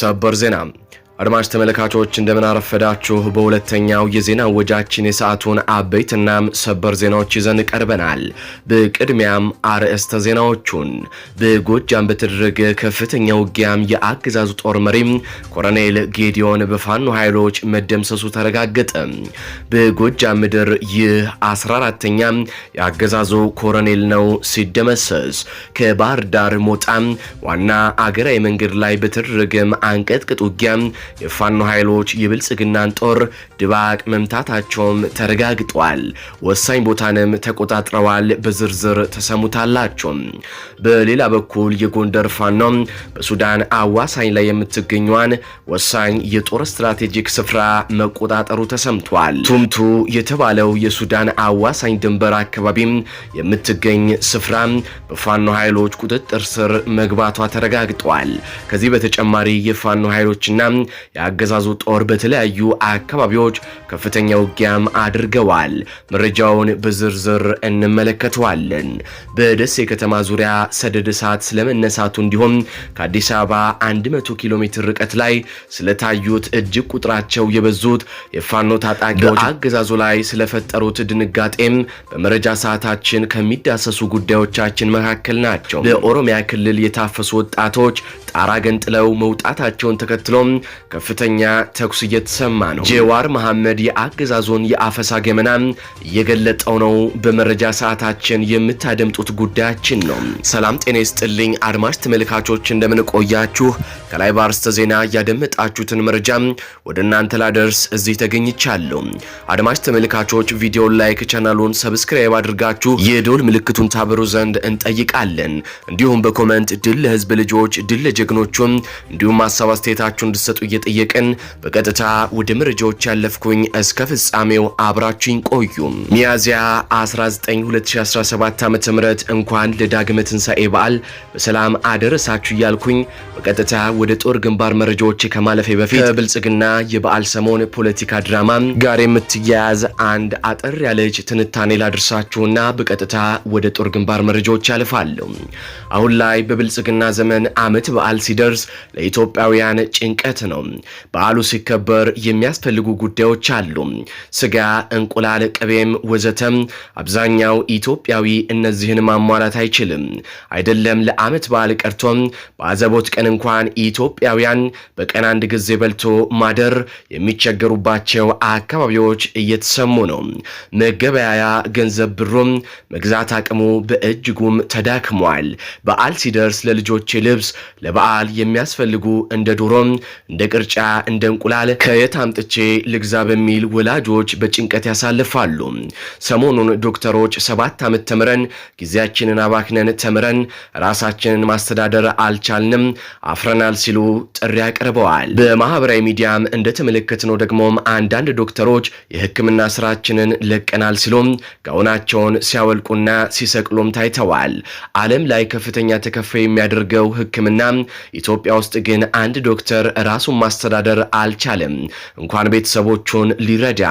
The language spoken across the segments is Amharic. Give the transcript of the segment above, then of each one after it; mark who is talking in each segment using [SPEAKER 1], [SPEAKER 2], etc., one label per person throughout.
[SPEAKER 1] ሰበር ዜና አድማጭ ተመልካቾች እንደምን አረፈዳችሁ። በሁለተኛው የዜና ወጃችን የሰዓቱን አበይትና ሰበር ዜናዎች ይዘን ቀርበናል። በቅድሚያም አርዕስተ ዜናዎቹን። በጎጃም በተደረገ ከፍተኛ ውጊያም የአገዛዙ ጦር መሪም ኮሎኔል ጌዲዮን በፋኖ ኃይሎች መደምሰሱ ተረጋገጠ። በጎጃም ምድር ይህ 14ተኛ የአገዛዙ ኮሎኔል ነው ሲደመሰስ። ከባህር ዳር ሞጣም ዋና አገራዊ መንገድ ላይ በተደረገም አንቀጥቅጥ ውጊያም የፋኖ ኃይሎች የብልጽግናን ጦር ድባቅ መምታታቸውም ተረጋግጧል። ወሳኝ ቦታንም ተቆጣጥረዋል። በዝርዝር ተሰሙታላቸው። በሌላ በኩል የጎንደር ፋኖ በሱዳን አዋሳኝ ላይ የምትገኟን ወሳኝ የጦር ስትራቴጂክ ስፍራ መቆጣጠሩ ተሰምቷል። ቱምቱ የተባለው የሱዳን አዋሳኝ ድንበር አካባቢም የምትገኝ ስፍራ በፋኖ ኃይሎች ቁጥጥር ስር መግባቷ ተረጋግጧል። ከዚህ በተጨማሪ የፋኖ ኃይሎችና የአገዛዙ ጦር በተለያዩ አካባቢዎች ከፍተኛ ውጊያም አድርገዋል። መረጃውን በዝርዝር እንመለከተዋለን። በደሴ ከተማ ዙሪያ ሰደድ እሳት ስለመነሳቱ እንዲሁም ከአዲስ አበባ 100 ኪሎ ሜትር ርቀት ላይ ስለታዩት እጅግ ቁጥራቸው የበዙት የፋኖ ታጣቂዎች አገዛዙ ላይ ስለፈጠሩት ድንጋጤም በመረጃ ሰዓታችን ከሚዳሰሱ ጉዳዮቻችን መካከል ናቸው። በኦሮሚያ ክልል የታፈሱ ወጣቶች ጣራ ገንጥለው መውጣታቸውን ተከትሎም ከፍተኛ ተኩስ እየተሰማ ነው። ጄዋር መሐመድ የአገዛዞን የአፈሳ ገመና እየገለጠው ነው። በመረጃ ሰዓታችን የምታደምጡት ጉዳያችን ነው። ሰላም ጤና ይስጥልኝ አድማጭ ተመልካቾች እንደምንቆያችሁ ከላይ በአርስተ ዜና ያደመጣችሁትን መረጃ ወደ እናንተ ላደርስ እዚህ ተገኝቻለሁ። አድማጭ ተመልካቾች ቪዲዮን ላይክ፣ ቻናሉን ሰብስክራይብ አድርጋችሁ የዶል ምልክቱን ታበሩ ዘንድ እንጠይቃለን። እንዲሁም በኮመንት ድል ለህዝብ ልጆች፣ ድል ለጀግኖቹም እንዲሁም ሀሳብ አስተያየታችሁ እንድሰጡ እየጠየቅን በቀጥታ ወደ መረጃዎች ያለፍኩኝ እስከ ፍጻሜው አብራችሁኝ ቆዩ። ሚያዚያ 19 2017 ዓ.ም እንኳን ለዳግመ ትንሣኤ በዓል በሰላም አደረሳችሁ እያልኩኝ በቀጥታ ወደ ጦር ግንባር መረጃዎች ከማለፌ በፊት ከብልጽግና የበዓል ሰሞን ፖለቲካ ድራማ ጋር የምትያያዝ አንድ አጠር ያለች ትንታኔ ላድርሳችሁና በቀጥታ ወደ ጦር ግንባር መረጃዎች ያልፋሉ። አሁን ላይ በብልጽግና ዘመን ዓመት በዓል ሲደርስ ለኢትዮጵያውያን ጭንቀት ነው። በዓሉ ሲከበር የሚያስፈልጉ ጉዳዮች አሉ። ስጋ፣ እንቁላል፣ ቅቤም ወዘተም አብዛኛው ኢትዮጵያዊ እነዚህን ማሟላት አይችልም። አይደለም ለዓመት በዓል ቀርቶም በአዘቦት ቀን እንኳን ኢትዮጵያውያን በቀን አንድ ጊዜ በልቶ ማደር የሚቸገሩባቸው አካባቢዎች እየተሰሙ ነው። መገበያያ ገንዘብ ብሩም መግዛት አቅሙ በእጅጉም ተዳክሟል። በዓል ሲደርስ ለልጆች ልብስ ለበዓል የሚያስፈልጉ እንደ ዶሮም እንደ ቅርጫ እንደ እንቁላል ከየት አምጥቼ ልግዛ በሚል ወላጆች በጭንቀት ያሳልፋሉ። ሰሞኑን ዶክተሮች ሰባት ዓመት ተምረን ጊዜያችንን አባክነን ተምረን ራሳችንን ማስተዳደር አልቻልንም፣ አፍረናል ይገባል ሲሉ ጥሪ አቅርበዋል። በማህበራዊ ሚዲያም እንደተመለከትነው ደግሞም አንዳንድ ዶክተሮች የህክምና ስራችንን ለቀናል ሲሉም ጋውናቸውን ሲያወልቁና ሲሰቅሉም ታይተዋል። ዓለም ላይ ከፍተኛ ተከፋይ የሚያደርገው ህክምና ኢትዮጵያ ውስጥ ግን አንድ ዶክተር ራሱን ማስተዳደር አልቻለም፣ እንኳን ቤተሰቦቹን ሊረዳ።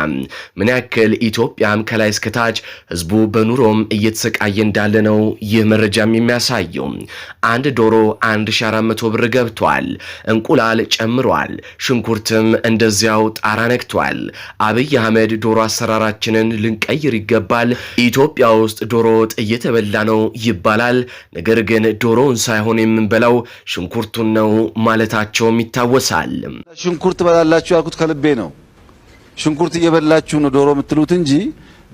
[SPEAKER 1] ምን ያክል ኢትዮጵያም ከላይ እስከታች ህዝቡ በኑሮም እየተሰቃየ እንዳለ ነው ይህ መረጃም የሚያሳየው። አንድ ዶሮ 1400 ብር ገብቷል። ተደርጓል። እንቁላል ጨምሯል። ሽንኩርትም እንደዚያው ጣራ ነክቷል። አብይ አህመድ ዶሮ አሰራራችንን ልንቀይር ይገባል። ኢትዮጵያ ውስጥ ዶሮ ወጥ እየተበላ ነው ይባላል። ነገር ግን ዶሮውን ሳይሆን የምንበላው ሽንኩርቱን ነው ማለታቸውም ይታወሳል።
[SPEAKER 2] ሽንኩርት በላላችሁ ያልኩት ከልቤ ነው። ሽንኩርት እየበላችሁ ነው ዶሮ የምትሉት እንጂ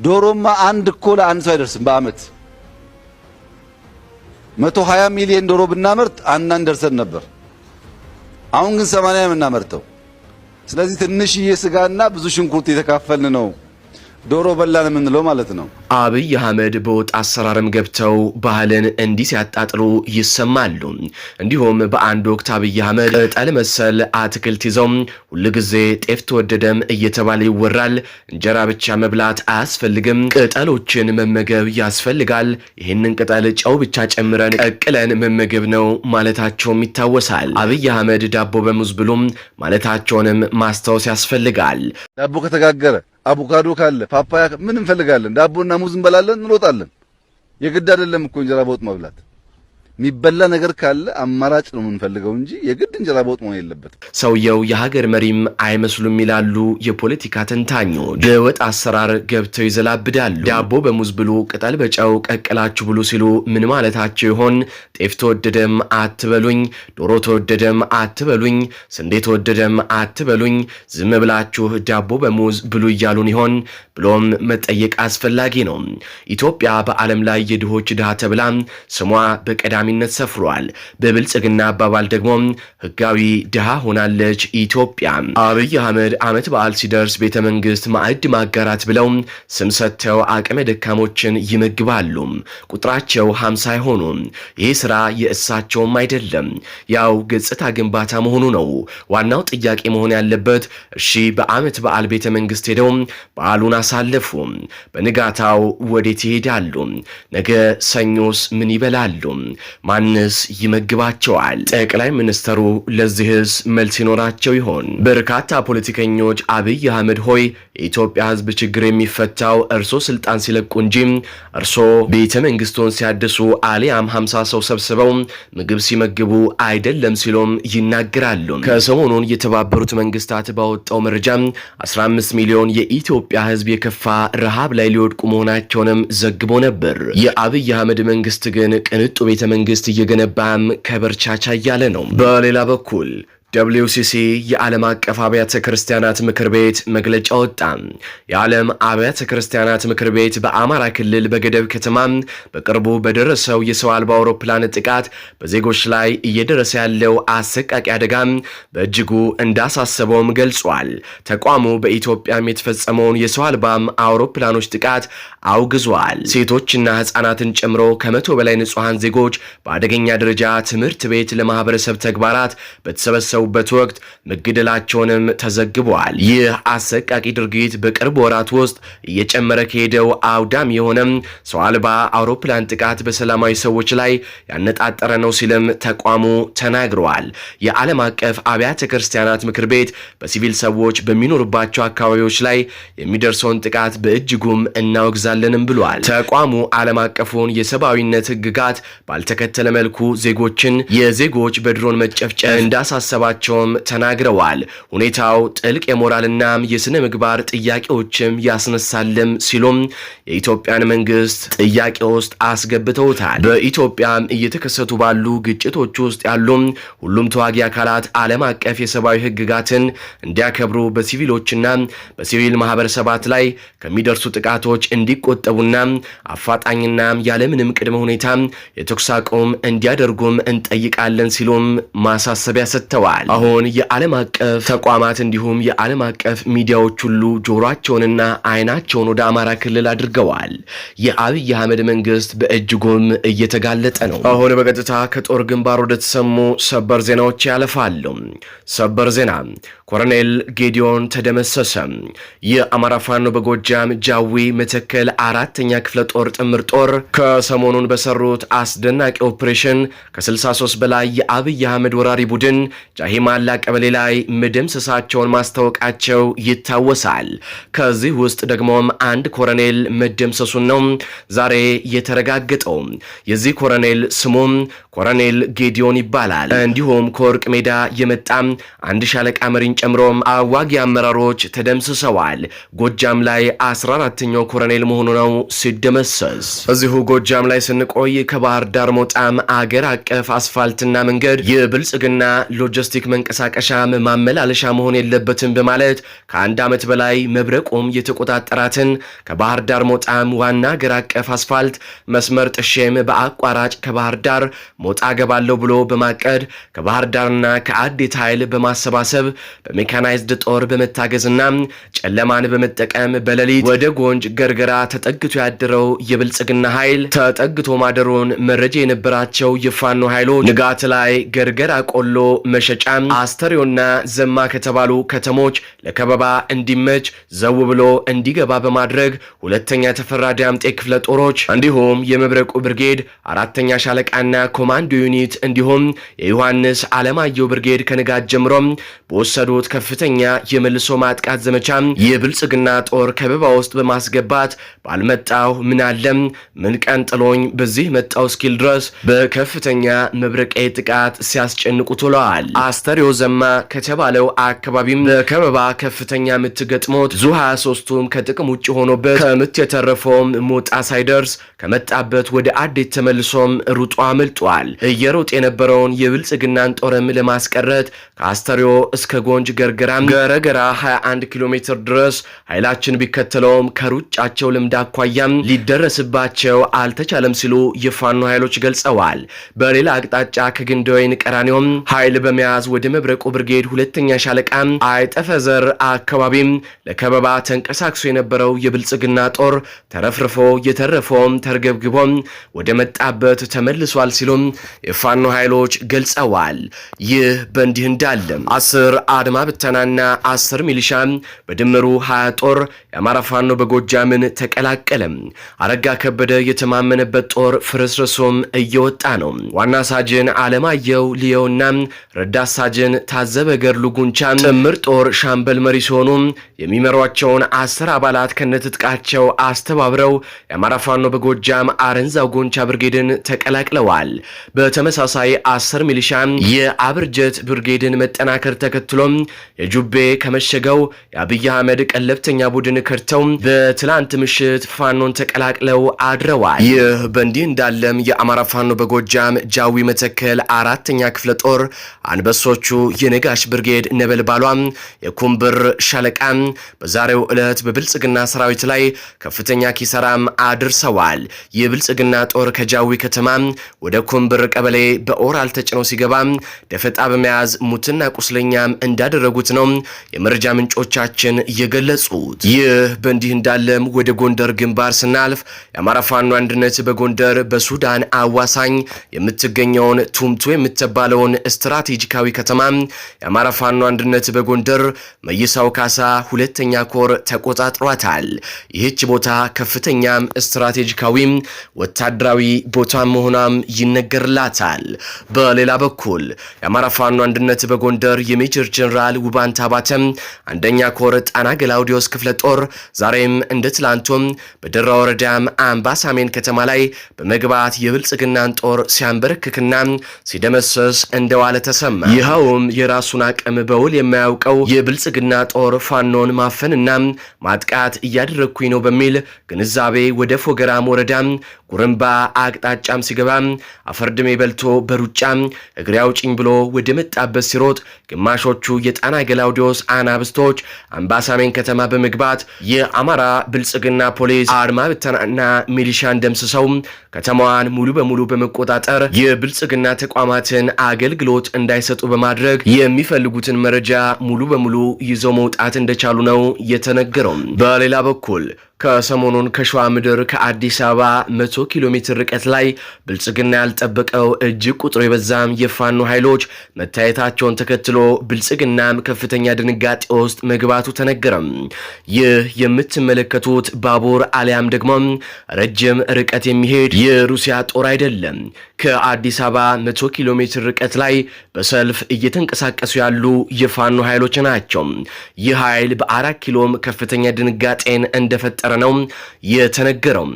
[SPEAKER 2] ዶሮማ አንድ እኮ ለአንድ ሰው አይደርስም። በአመት መቶ ሀያ ሚሊዮን ዶሮ ብናመርት አናን ደርሰን ነበር። አሁን ግን 80 የምናመርተው። ስለዚህ ትንሽዬ ስጋና ብዙ ሽንኩርት የተካፈልን ነው ዶሮ በላን የምንለው ማለት ነው።
[SPEAKER 1] አብይ አህመድ በወጥ አሰራርም ገብተው ባህልን እንዲህ ሲያጣጥሉ ይሰማሉ። እንዲሁም በአንድ ወቅት አብይ አህመድ ቅጠል መሰል አትክልት ይዘው ሁልጊዜ ጤፍ ተወደደም እየተባለ ይወራል። እንጀራ ብቻ መብላት አያስፈልግም፣ ቅጠሎችን መመገብ ያስፈልጋል። ይህንን ቅጠል ጨው ብቻ ጨምረን ቀቅለን መመገብ ነው ማለታቸውም ይታወሳል። አብይ አህመድ ዳቦ በሙዝ ብሉም ማለታቸውንም ማስታወስ ያስፈልጋል።
[SPEAKER 2] ዳቦ ከተጋገረ አቮካዶ ካለ ፓፓያ ምን እንፈልጋለን? ዳቦና ሙዝ እንበላለን፣ እንሮጣለን። የግድ አይደለም እኮ እንጀራ በወጥ መብላት። የሚበላ ነገር ካለ አማራጭ ነው የምንፈልገው እንጂ የግድ እንጀራ በወጥ መሆን የለበትም።
[SPEAKER 1] ሰውየው የሀገር መሪም አይመስሉም ይላሉ የፖለቲካ ተንታኞች። የወጥ አሰራር ገብተው ይዘላብዳሉ። ዳቦ በሙዝ ብሉ፣ ቅጠል በጨው ቀቅላችሁ ብሉ ሲሉ ምን ማለታቸው ይሆን? ጤፍ ተወደደም አትበሉኝ፣ ዶሮ ተወደደም አትበሉኝ፣ ስንዴ ተወደደም አትበሉኝ፣ ዝም ብላችሁ ዳቦ በሙዝ ብሉ እያሉን ይሆን ብሎም መጠየቅ አስፈላጊ ነው። ኢትዮጵያ በዓለም ላይ የድሆች ድሃ ተብላ ስሟ በቀዳ በቀዳሚነት ሰፍሯል። በብልጽግና አባባል ደግሞ ህጋዊ ድሃ ሆናለች ኢትዮጵያ። አብይ አህመድ ዓመት በዓል ሲደርስ ቤተ መንግስት ማዕድ ማጋራት ብለው ስም ሰጥተው አቅመ ደካሞችን ይመግባሉ። ቁጥራቸው ሀምሳ አይሆኑም። ይህ ስራ የእሳቸውም አይደለም፣ ያው ገጽታ ግንባታ መሆኑ ነው። ዋናው ጥያቄ መሆን ያለበት እሺ፣ በአመት በዓል ቤተ መንግስት ሄደው በዓሉን አሳለፉ፣ በንጋታው ወዴት ይሄዳሉ? ነገ ሰኞስ ምን ይበላሉ? ማንስ ይመግባቸዋል? ጠቅላይ ሚኒስተሩ ለዚህስ መልስ ይኖራቸው ይሆን? በርካታ ፖለቲከኞች አብይ አህመድ ሆይ የኢትዮጵያ ህዝብ ችግር የሚፈታው እርሶ ስልጣን ሲለቁ እንጂ እርሶ ቤተ መንግስቱን ሲያድሱ አሊያም ሀምሳ ሰው ሰብስበው ምግብ ሲመግቡ አይደለም ሲሎም ይናገራሉ። ከሰሞኑን የተባበሩት መንግስታት ባወጣው መረጃ 15 ሚሊዮን የኢትዮጵያ ህዝብ የከፋ ረሃብ ላይ ሊወድቁ መሆናቸውንም ዘግቦ ነበር። የአብይ አህመድ መንግስት ግን ቅንጡ ቤተ መንግስት እየገነባም ከበርቻቻ እያለ ነው። በሌላ በኩል ደብሊውሲሲ የዓለም አቀፍ አብያተ ክርስቲያናት ምክር ቤት መግለጫ ወጣ። የዓለም አብያተ ክርስቲያናት ምክር ቤት በአማራ ክልል በገደብ ከተማ በቅርቡ በደረሰው የሰው አልባ አውሮፕላን ጥቃት በዜጎች ላይ እየደረሰ ያለው አሰቃቂ አደጋ በእጅጉ እንዳሳሰበውም ገልጿል። ተቋሙ በኢትዮጵያም የተፈጸመውን የሰው አልባም አውሮፕላኖች ጥቃት አውግዟል። ሴቶችና ሕፃናትን ጨምሮ ከመቶ በላይ ንጹሐን ዜጎች በአደገኛ ደረጃ ትምህርት ቤት ለማህበረሰብ ተግባራት በተሰበሰቡ በደረሰውበት ወቅት መገደላቸውንም ተዘግበዋል። ይህ አሰቃቂ ድርጊት በቅርብ ወራት ውስጥ እየጨመረ ከሄደው አውዳም የሆነም ሰው አልባ አውሮፕላን ጥቃት በሰላማዊ ሰዎች ላይ ያነጣጠረ ነው ሲልም ተቋሙ ተናግረዋል። የዓለም አቀፍ አብያተ ክርስቲያናት ምክር ቤት በሲቪል ሰዎች በሚኖሩባቸው አካባቢዎች ላይ የሚደርሰውን ጥቃት በእጅጉም እናወግዛለንም ብሏል። ተቋሙ ዓለም አቀፉን የሰብአዊነት ሕግጋት ባልተከተለ መልኩ ዜጎችን የዜጎች በድሮን መጨፍጨፍ እንዳሳሰባ መሆናቸውም ተናግረዋል። ሁኔታው ጥልቅ የሞራልና የስነ ምግባር ጥያቄዎችም ያስነሳልም ሲሉም የኢትዮጵያን መንግስት ጥያቄ ውስጥ አስገብተውታል። በኢትዮጵያ እየተከሰቱ ባሉ ግጭቶች ውስጥ ያሉ ሁሉም ተዋጊ አካላት ዓለም አቀፍ የሰብአዊ ህግጋትን እንዲያከብሩ በሲቪሎችና በሲቪል ማህበረሰባት ላይ ከሚደርሱ ጥቃቶች እንዲቆጠቡና አፋጣኝና ያለምንም ቅድመ ሁኔታ የተኩስ አቁም እንዲያደርጉም እንጠይቃለን ሲሉም ማሳሰቢያ ሰጥተዋል። ተናግረዋል። አሁን የዓለም አቀፍ ተቋማት እንዲሁም የዓለም አቀፍ ሚዲያዎች ሁሉ ጆሯቸውንና አይናቸውን ወደ አማራ ክልል አድርገዋል። የአብይ አህመድ መንግስት በእጅጉም እየተጋለጠ ነው። አሁን በቀጥታ ከጦር ግንባር ወደ ተሰሙ ሰበር ዜናዎች ያለፋሉ። ሰበር ዜና ኮሎኔል ጌዲዮን ተደመሰሰ። የአማራ ፋኖ በጎጃም ጃዊ መተከል አራተኛ ክፍለ ጦር ጥምር ጦር ከሰሞኑን በሰሩት አስደናቂ ኦፕሬሽን ከ63 በላይ የአብይ አህመድ ወራሪ ቡድን ራሂማላ ቀበሌ ላይ መደምሰሳቸውን ማስታወቃቸው ይታወሳል። ከዚህ ውስጥ ደግሞም አንድ ኮረኔል መደምሰሱን ነው ዛሬ የተረጋገጠው። የዚህ ኮረኔል ስሙም ኮረኔል ጌዲዮን ይባላል። እንዲሁም ከወርቅ ሜዳ የመጣም አንድ ሻለቃ መሪን ጨምሮም አዋጊ አመራሮች ተደምስሰዋል። ጎጃም ላይ 14ኛው ኮረኔል መሆኑ ነው ሲደመሰስ። እዚሁ ጎጃም ላይ ስንቆይ ከባህር ዳር ሞጣም አገር አቀፍ አስፋልትና መንገድ የብልጽግና ሎጂስቲክ የትራፊክ መንቀሳቀሻ ማመላለሻ መሆን የለበትም በማለት ከአንድ ዓመት በላይ መብረቆም የተቆጣጠራትን ከባህር ዳር ሞጣም ዋና አገር አቀፍ አስፋልት መስመር ጥሼም በአቋራጭ ከባህር ዳር ሞጣ ገባለሁ ብሎ በማቀድ ከባህር ዳርና ከአዴት ኃይል በማሰባሰብ በሜካናይዝድ ጦር በመታገዝና ጨለማን በመጠቀም በሌሊት ወደ ጎንጅ ገርገራ ተጠግቶ ያደረው የብልጽግና ኃይል ተጠግቶ ማደሩን መረጃ የነበራቸው የፋኖ ኃይሎች ንጋት ላይ ገርገራ ቆሎ መሸ መግለጫም አስተሪዮና ዘማ ከተባሉ ከተሞች ለከበባ እንዲመች ዘው ብሎ እንዲገባ በማድረግ ሁለተኛ ተፈራ ዳምጤ ክፍለ ጦሮች እንዲሁም የመብረቁ ብርጌድ አራተኛ ሻለቃና ኮማንዶ ዩኒት እንዲሁም የዮሐንስ አለማየሁ ብርጌድ ከንጋት ጀምሮም በወሰዱት ከፍተኛ የመልሶ ማጥቃት ዘመቻ የብልጽግና ጦር ከበባ ውስጥ በማስገባት ባልመጣሁ ምን አለ ምን ቀን ጥሎኝ በዚህ መጣው እስኪል ድረስ በከፍተኛ መብረቃዊ ጥቃት ሲያስጨንቁ ውለዋል። አስተሪዮ ዘማ ከተባለው አካባቢም በከበባ ከፍተኛ ምት ገጥሞት ዙ 23ቱም ከጥቅም ውጭ ሆኖበት ከምት የተረፈውም ሞጣ ሳይደርስ ከመጣበት ወደ አዴት ተመልሶም ሩጦ አምልጧል። እየሮጥ የነበረውን የብልጽግናን ጦርም ለማስቀረት ከአስተሪዮ እስከ ጎንጅ ገርግራም ገረገራ 21 ኪሎ ሜትር ድረስ ኃይላችን ቢከተለውም ከሩጫቸው ልምድ አኳያም ሊደረስባቸው አልተቻለም ሲሉ የፋኖ ኃይሎች ገልጸዋል። በሌላ አቅጣጫ ከግንዳወይን ቀራኒዮም ኃይል በመያዝ አገዛዝ ወደ መብረቁ ብርጌድ ሁለተኛ ሻለቃ አይጠፈዘር አካባቢም ለከበባ ተንቀሳቅሶ የነበረው የብልጽግና ጦር ተረፍርፎ የተረፈውም ተርገብግቦም ወደ መጣበት ተመልሷል ሲሉም የፋኖ ኃይሎች ገልጸዋል። ይህ በእንዲህ እንዳለ አስር አድማ ብተናና አስር ሚሊሻ በድምሩ ሀያ ጦር የአማራ ፋኖ በጎጃምን ተቀላቀለም። አረጋ ከበደ የተማመነበት ጦር ፍርስርሱም እየወጣ ነው። ዋና ሳጅን አለማየው ሊየውና ረዳ ሳጅን ታዘበ ገድሉ ጉንቻን ጥምር ጦር ሻምበል መሪ ሲሆኑ የሚመሯቸውን አስር አባላት ከነትጥቃቸው አስተባብረው የአማራ ፋኖ በጎጃም አረንዛው ጎንቻ ብርጌድን ተቀላቅለዋል። በተመሳሳይ አስር ሚሊሻ የአብርጀት ብርጌድን መጠናከር ተከትሎም የጁቤ ከመሸገው የአብይ አህመድ ቀለብተኛ ቡድን ከድተው በትላንት ምሽት ፋኖን ተቀላቅለው አድረዋል። ይህ በእንዲህ እንዳለም የአማራ ፋኖ በጎጃም ጃዊ መተከል አራተኛ ክፍለ ጦር አንበሱ እንስሶቹ የነጋሽ ብርጌድ ነበልባሏ የኩምብር ሻለቃ በዛሬው ዕለት በብልጽግና ሰራዊት ላይ ከፍተኛ ኪሰራም አድርሰዋል። የብልጽግና ጦር ከጃዊ ከተማ ወደ ኩምብር ቀበሌ በኦራል ተጭኖ ሲገባ ደፈጣ በመያዝ ሙትና ቁስለኛም እንዳደረጉት ነው የመረጃ ምንጮቻችን የገለጹት። ይህ በእንዲህ እንዳለም ወደ ጎንደር ግንባር ስናልፍ የአማራ ፋኖ አንድነት በጎንደር በሱዳን አዋሳኝ የምትገኘውን ቱምቱ የምትባለውን ስትራቴጂካዊ ከተማ የአማራ ፋኖ አንድነት በጎንደር መይሳው ካሳ ሁለተኛ ኮር ተቆጣጥሯታል። ይህች ቦታ ከፍተኛም ስትራቴጂካዊም ወታደራዊ ቦታ መሆኗም ይነገርላታል። በሌላ በኩል የአማራ ፋኖ አንድነት በጎንደር የሜጀር ጀኔራል ውባንታ ባተም አንደኛ ኮር ጣና ገላውዲዮስ ክፍለ ጦር ዛሬም እንደ ትላንቱም በደራ ወረዳም አምባሳሜን ከተማ ላይ በመግባት የብልጽግናን ጦር ሲያንበረክክና ሲደመሰስ እንደዋለ ተሰማ። ይኸውም የራሱን አቅም በውል የማያውቀው የብልጽግና ጦር ፋኖን ማፈንና ማጥቃት እያደረግኩኝ ነው በሚል ግንዛቤ ወደ ፎገራም ወረዳም ጉርምባ አቅጣጫም ሲገባ አፈርድሜ በልቶ በሩጫ እግሬ አውጭኝ ብሎ ወደ መጣበት ሲሮጥ ግማሾቹ የጣና ገላውዲዮስ አናብስቶች አምባሳሜን ከተማ በመግባት የአማራ ብልጽግና ፖሊስ አድማ ብተናና ሚሊሻን ደምስሰው ከተማዋን ሙሉ በሙሉ በመቆጣጠር የብልጽግና ተቋማትን አገልግሎት እንዳይሰጡ በማድረግ የሚፈልጉትን መረጃ ሙሉ በሙሉ ይዘው መውጣት እንደቻሉ ነው የተነገረው። በሌላ በኩል ከሰሞኑን ከሸዋ ምድር ከአዲስ አበባ መቶ ኪሎ ሜትር ርቀት ላይ ብልጽግና ያልጠበቀው እጅግ ቁጥሩ የበዛም የፋኖ ኃይሎች መታየታቸውን ተከትሎ ብልጽግናም ከፍተኛ ድንጋጤ ውስጥ መግባቱ ተነገረም። ይህ የምትመለከቱት ባቡር አሊያም ደግሞ ረጅም ርቀት የሚሄድ የሩሲያ ጦር አይደለም። ከአዲስ አበባ መቶ ኪሎ ሜትር ርቀት ላይ በሰልፍ እየተንቀሳቀሱ ያሉ የፋኖ ኃይሎች ናቸው። ይህ ኃይል በአራት ኪሎም ከፍተኛ ድንጋጤን እንደፈጠረ እንደነበረ የተነገረው።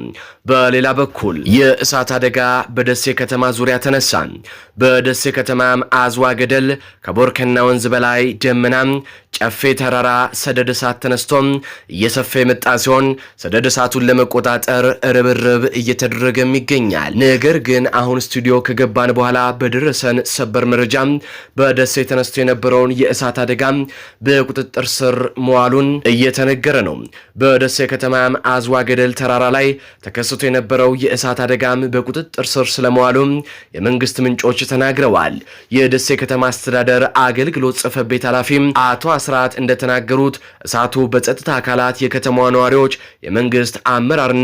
[SPEAKER 1] በሌላ በኩል የእሳት አደጋ በደሴ ከተማ ዙሪያ ተነሳ። በደሴ ከተማም አዝዋ ገደል ከቦርከና ወንዝ በላይ ደመናም ጨፌ ተራራ ሰደድ እሳት ተነስቶም እየሰፋ የመጣ ሲሆን ሰደድ እሳቱን ለመቆጣጠር ርብርብ እየተደረገም ይገኛል። ነገር ግን አሁን ስቱዲዮ ከገባን በኋላ በደረሰን ሰበር መረጃ በደሴ ተነስቶ የነበረውን የእሳት አደጋ በቁጥጥር ስር መዋሉን እየተነገረ ነው። በደሴ ከተማም አዝዋ ገደል ተራራ ላይ ተከስ ተከስቶ የነበረው የእሳት አደጋም በቁጥጥር ስር ስለመዋሉም የመንግስት ምንጮች ተናግረዋል። የደሴ ከተማ አስተዳደር አገልግሎት ጽሕፈት ቤት ኃላፊም አቶ አስራት እንደተናገሩት እሳቱ በጸጥታ አካላት፣ የከተማዋ ነዋሪዎች፣ የመንግስት አመራርና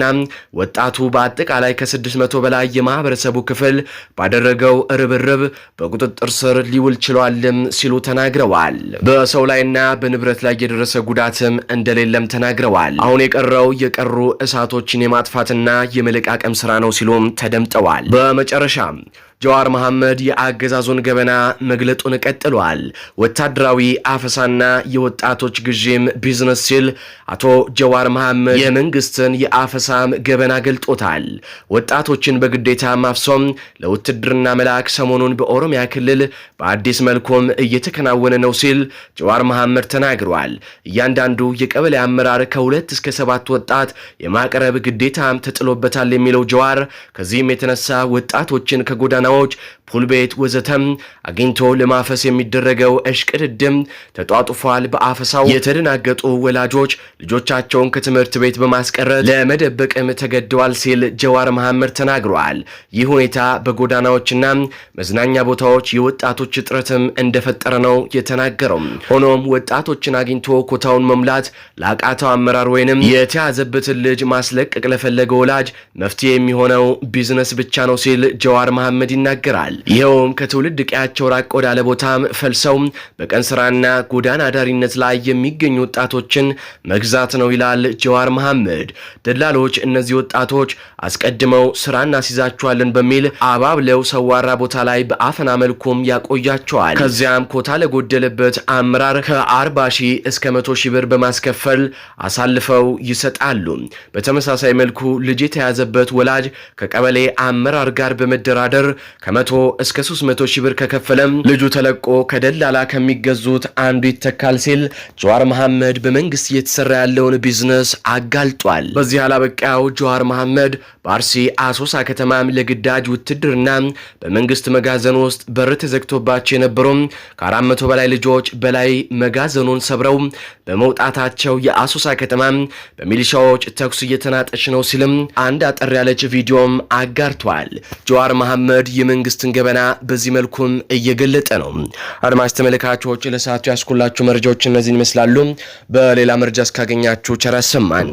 [SPEAKER 1] ወጣቱ በአጠቃላይ ከ600 በላይ የማህበረሰቡ ክፍል ባደረገው ርብርብ በቁጥጥር ስር ሊውል ችሏልም ሲሉ ተናግረዋል። በሰው ላይና በንብረት ላይ የደረሰ ጉዳትም እንደሌለም ተናግረዋል። አሁን የቀረው የቀሩ እሳቶችን የማጥፋትና የመለቃቀም ስራ ነው ሲሉም ተደምጠዋል። በመጨረሻ ጀዋር መሐመድ የአገዛዙን ገበና መግለጡን ቀጥሏል። ወታደራዊ አፈሳና የወጣቶች ግዥም ቢዝነስ ሲል አቶ ጀዋር መሐመድ የመንግስትን የአፈሳም ገበና ገልጦታል። ወጣቶችን በግዴታ ማፍሶም ለውትድርና መላክ ሰሞኑን በኦሮሚያ ክልል በአዲስ መልኩም እየተከናወነ ነው ሲል ጀዋር መሐመድ ተናግሯል። እያንዳንዱ የቀበሌ አመራር ከሁለት እስከ ሰባት ወጣት የማቅረብ ግዴታም ተጥሎበታል የሚለው ጀዋር ከዚህም የተነሳ ወጣቶችን ከጎዳና coach ፑል ቤት ወዘተም አግኝቶ ለማፈስ የሚደረገው እሽቅድድም ተጧጡፏል። በአፈሳው የተደናገጡ ወላጆች ልጆቻቸውን ከትምህርት ቤት በማስቀረት ለመደበቅም ተገደዋል ሲል ጀዋር መሐመድ ተናግረዋል። ይህ ሁኔታ በጎዳናዎችና መዝናኛ ቦታዎች የወጣቶች እጥረትም እንደፈጠረ ነው የተናገረው። ሆኖም ወጣቶችን አግኝቶ ኮታውን መሙላት ለአቃተው አመራር ወይንም የተያዘበትን ልጅ ማስለቀቅ ለፈለገ ወላጅ መፍትሄ የሚሆነው ቢዝነስ ብቻ ነው ሲል ጀዋር መሐመድ ይናገራል። ይኸውም ከትውልድ ቀያቸው ራቅ ወዳለ ቦታም ፈልሰው በቀን ስራና ጎዳና አዳሪነት ላይ የሚገኙ ወጣቶችን መግዛት ነው ይላል ጀዋር መሐመድ። ደላሎች እነዚህ ወጣቶች አስቀድመው ስራ እናስይዛቸዋለን በሚል አባብለው ሰዋራ ቦታ ላይ በአፈና መልኩም ያቆያቸዋል። ከዚያም ኮታ ለጎደለበት አመራር ከ40 ሺህ እስከ 100 ሺህ ብር በማስከፈል አሳልፈው ይሰጣሉ። በተመሳሳይ መልኩ ልጅ የተያዘበት ወላጅ ከቀበሌ አመራር ጋር በመደራደር ከመቶ እስከ 300 ሺህ ብር ከከፈለም ልጁ ተለቆ ከደላላ ከሚገዙት አንዱ ይተካል ሲል ጀዋር መሐመድ በመንግስት እየተሰራ ያለውን ቢዝነስ አጋልጧል። በዚህ አላበቃው ጀዋር መሐመድ በአርሲ አሶሳ ከተማም ለግዳጅ ውትድርና በመንግስት መጋዘን ውስጥ በር ተዘግቶባቸው የነበሩ ከ400 በላይ ልጆች በላይ መጋዘኑን ሰብረው በመውጣታቸው የአሶሳ ከተማ በሚሊሻዎች ተኩስ እየተናጠች ነው ሲልም አንድ አጠር ያለች ቪዲዮም አጋርቷል። ጀዋር መሐመድ የመንግስትን የሀገራችን ገበና በዚህ መልኩም እየገለጠ ነው። አድማጭ ተመልካቾች ለሰዓቱ ያስኩላችሁ መረጃዎች እነዚህን ይመስላሉ። በሌላ መረጃ እስካገኛችሁ ቸር ያሰማን።